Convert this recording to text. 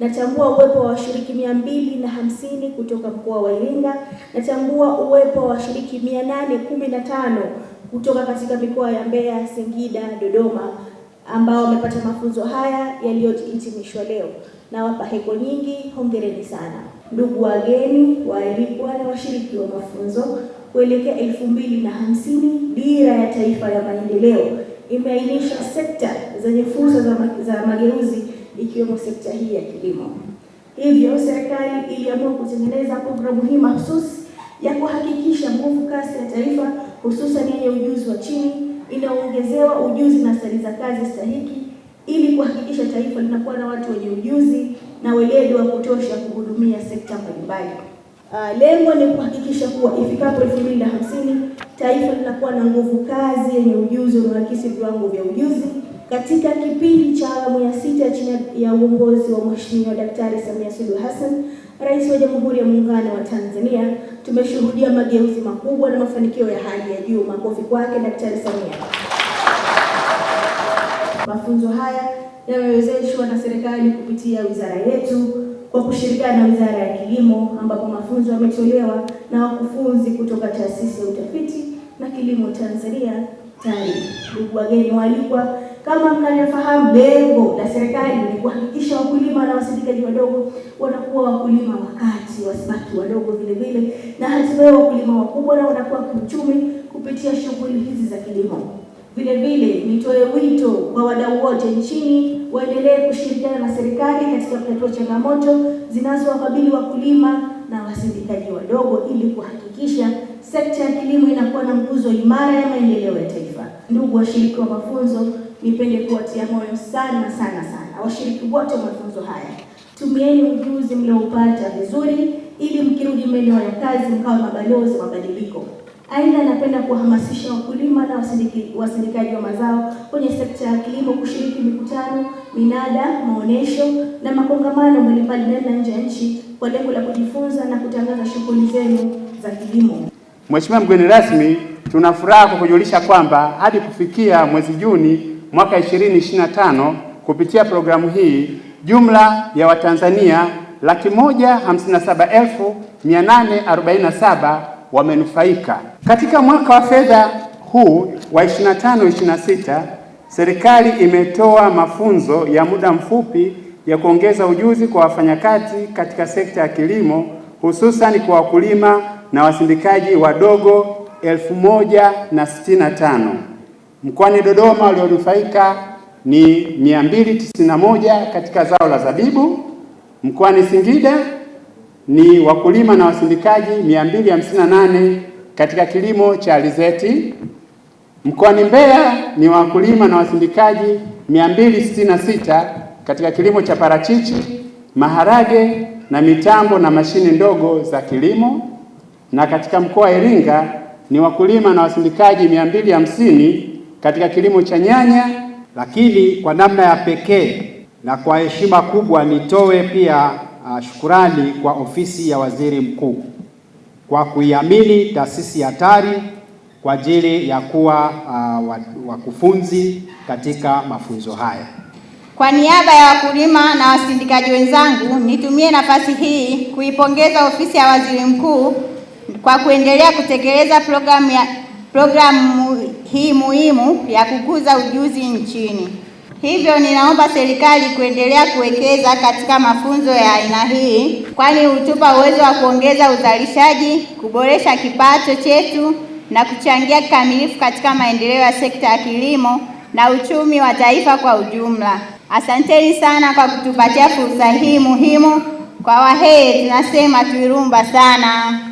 Natambua uwepo wa washiriki mia mbili na hamsini kutoka mkoa wa Iringa. Natambua uwepo wa washiriki mia nane kumi na tano kutoka katika mikoa ya Mbeya, Singida, Dodoma ambao wamepata mafunzo haya yaliyohitimishwa leo. Nawapa heko nyingi, hongereni sana ndugu wageni, waalikwa na washiriki wa mafunzo. Kuelekea elfu mbili na hamsini, dira ya taifa ya maendeleo imeainisha sekta zenye fursa za mageuzi ikiwemo sekta hii ya kilimo. Hivyo serikali iliamua kutengeneza programu hii mahususi ya kuhakikisha nguvu kazi ya taifa hususan yenye ujuzi wa chini inaongezewa ujuzi na stadi za kazi stahiki ili kuhakikisha taifa linakuwa na watu wenye ujuzi na weledi wa kutosha kuhudumia sekta mbalimbali. Uh, lengo ni kuhakikisha kuwa ifikapo elfu mbili na hamsini taifa linakuwa na nguvu kazi yenye ujuzi unaoakisi viwango vya ujuzi katika kipindi cha awamu ya sita chini ya uongozi wa Mheshimiwa Daktari Samia Suluhu Hassan, Rais wa Jamhuri ya Muungano wa Tanzania, tumeshuhudia mageuzi makubwa na mafanikio ya hali ya juu. Makofi kwake Daktari Samia. Mafunzo haya yamewezeshwa na serikali kupitia wizara yetu kwa kushirikiana na Wizara ya Kilimo, ambapo mafunzo yametolewa na wakufunzi kutoka Taasisi ya Utafiti na Kilimo Tanzania TARI. Ndugu wageni waalikwa kama mnavyofahamu, lengo la serikali ni kuhakikisha wakulima na wasindikaji wadogo wanakuwa wakulima wakati, wasibaki wadogo vile vile, na hatimaye wakulima wakubwa na wanakuwa kiuchumi kupitia shughuli hizi za kilimo. Vile vile nitoe wito kwa wadau wote nchini waendelee kushirikiana na serikali katika kutatua changamoto zinazowakabili wakulima na wasindikaji wadogo ili kuhakikisha sekta ya kilimo inakuwa na nguzo imara ya maendeleo ya taifa. Ndugu washiriki wa mafunzo nipende kuwatia moyo sana sana sana washiriki wote wa mafunzo haya. Tumieni ujuzi mlioupata vizuri, ili mkirudi maeneo ya kazi mkawa mabalozi mabadiliko. Aidha, napenda kuwahamasisha wakulima na wasindikaji wa mazao kwenye sekta ya kilimo kushiriki mikutano, minada, maonesho na makongamano mbalimbali ndani na nje ya nchi kwa lengo la kujifunza na kutangaza shughuli zenu za kilimo. Mheshimiwa mgeni rasmi, tuna furaha kwa kujulisha kwamba hadi kufikia mwezi Juni mwaka 2025 kupitia programu hii jumla ya Watanzania laki moja hamsini na saba elfu mia nane arobaini na saba wamenufaika. Katika mwaka wa fedha huu wa 25 26 serikali imetoa mafunzo ya muda mfupi ya kuongeza ujuzi kwa wafanyakazi katika sekta ya kilimo hususan kwa wakulima na wasindikaji wadogo elfu moja na sitini na tano. Mkoani Dodoma walionufaika ni 291 katika zao la zabibu. Mkoani Singida ni wakulima na wasindikaji 258 katika kilimo cha alizeti. Mkoani Mbeya ni wakulima na wasindikaji 266 katika kilimo cha parachichi, maharage na mitambo na mashine ndogo za kilimo. Na katika mkoa wa Iringa ni wakulima na wasindikaji 250 katika kilimo cha nyanya, lakini kwa namna ya pekee na kwa heshima kubwa nitoe pia uh, shukurani kwa ofisi ya waziri mkuu kwa kuiamini taasisi ya TARI kwa ajili ya kuwa uh, wakufunzi katika mafunzo haya. Kwa niaba ya wakulima na wasindikaji wenzangu, nitumie nafasi hii kuipongeza ofisi ya waziri mkuu kwa kuendelea kutekeleza programu ya programu hii muhimu ya kukuza ujuzi nchini. Hivyo ninaomba serikali kuendelea kuwekeza katika mafunzo ya aina hii, kwani hutupa uwezo wa kuongeza uzalishaji, kuboresha kipato chetu na kuchangia kikamilifu katika maendeleo ya sekta ya kilimo na uchumi wa taifa kwa ujumla. Asanteni sana kwa kutupatia fursa hii muhimu. Kwa Wahehe tunasema Twirumba sana.